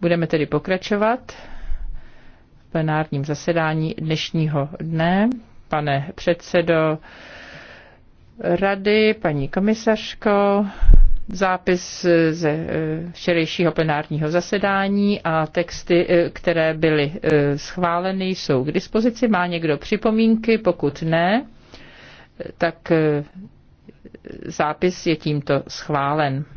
Budeme tedy pokračovat v plenárním zasedání dnešního dne. Pane předsedo rady, paní komisařko, zápis ze eh, včerejšího plenárního zasedání a texty, eh, které byly eh, schváleny, jsou k dispozici. Má někdo připomínky? Pokud ne, tak zápis je tímto schválen.